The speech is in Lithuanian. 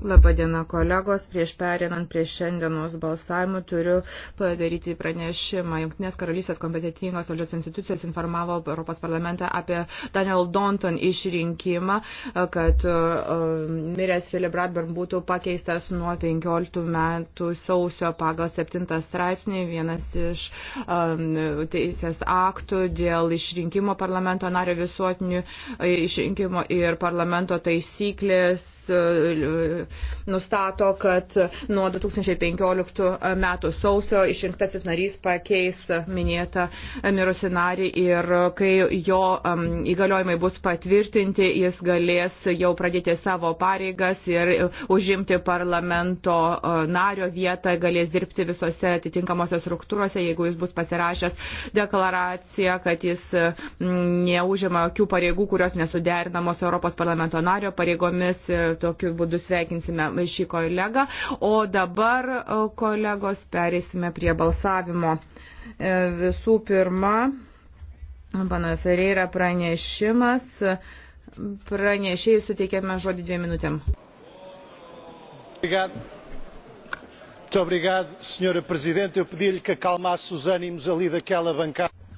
Labadiena kolegos, prieš perinant prie šiandienos balsavimų turiu padaryti pranešimą. Junktinės karalystės kompetitingos valdžios institucijos informavo Europos parlamentą apie Daniel Donton išrinkimą, kad e, miręs Philip Bradburn būtų pakeistas nuo 15 metų sausio pagal 7 straipsnį, vienas iš um, teisės aktų dėl išrinkimo parlamento nario visuotinių e, išrinkimo ir parlamento taisyklių taisyklės e, nustato, kad nuo 2015 metų sausio išrinktasis narys pakeis minėtą mirusi narį ir kai jo įgaliojimai bus patvirtinti, jis galės jau pradėti savo pareigas ir užimti parlamento e, nario vietą, galės dirbti visose atitinkamosios struktūrose, jeigu jis bus pasirašęs deklaraciją, kad jis neužima jokių pareigų, kurios nesuderinamos Europos parlamento nario pareigų pareigomis, e, tokiu būdu sveikinsime šį kolegą. O dabar, e, kolegos, perėsime prie balsavimo. E, visų pirma, pana Ferreira pranešimas. Pranešėjai suteikėme žodį dviem minutėm. Muito obrigado, Sra. Presidente. Eu pedi-lhe que acalmasse os ânimos ali daquela bancada.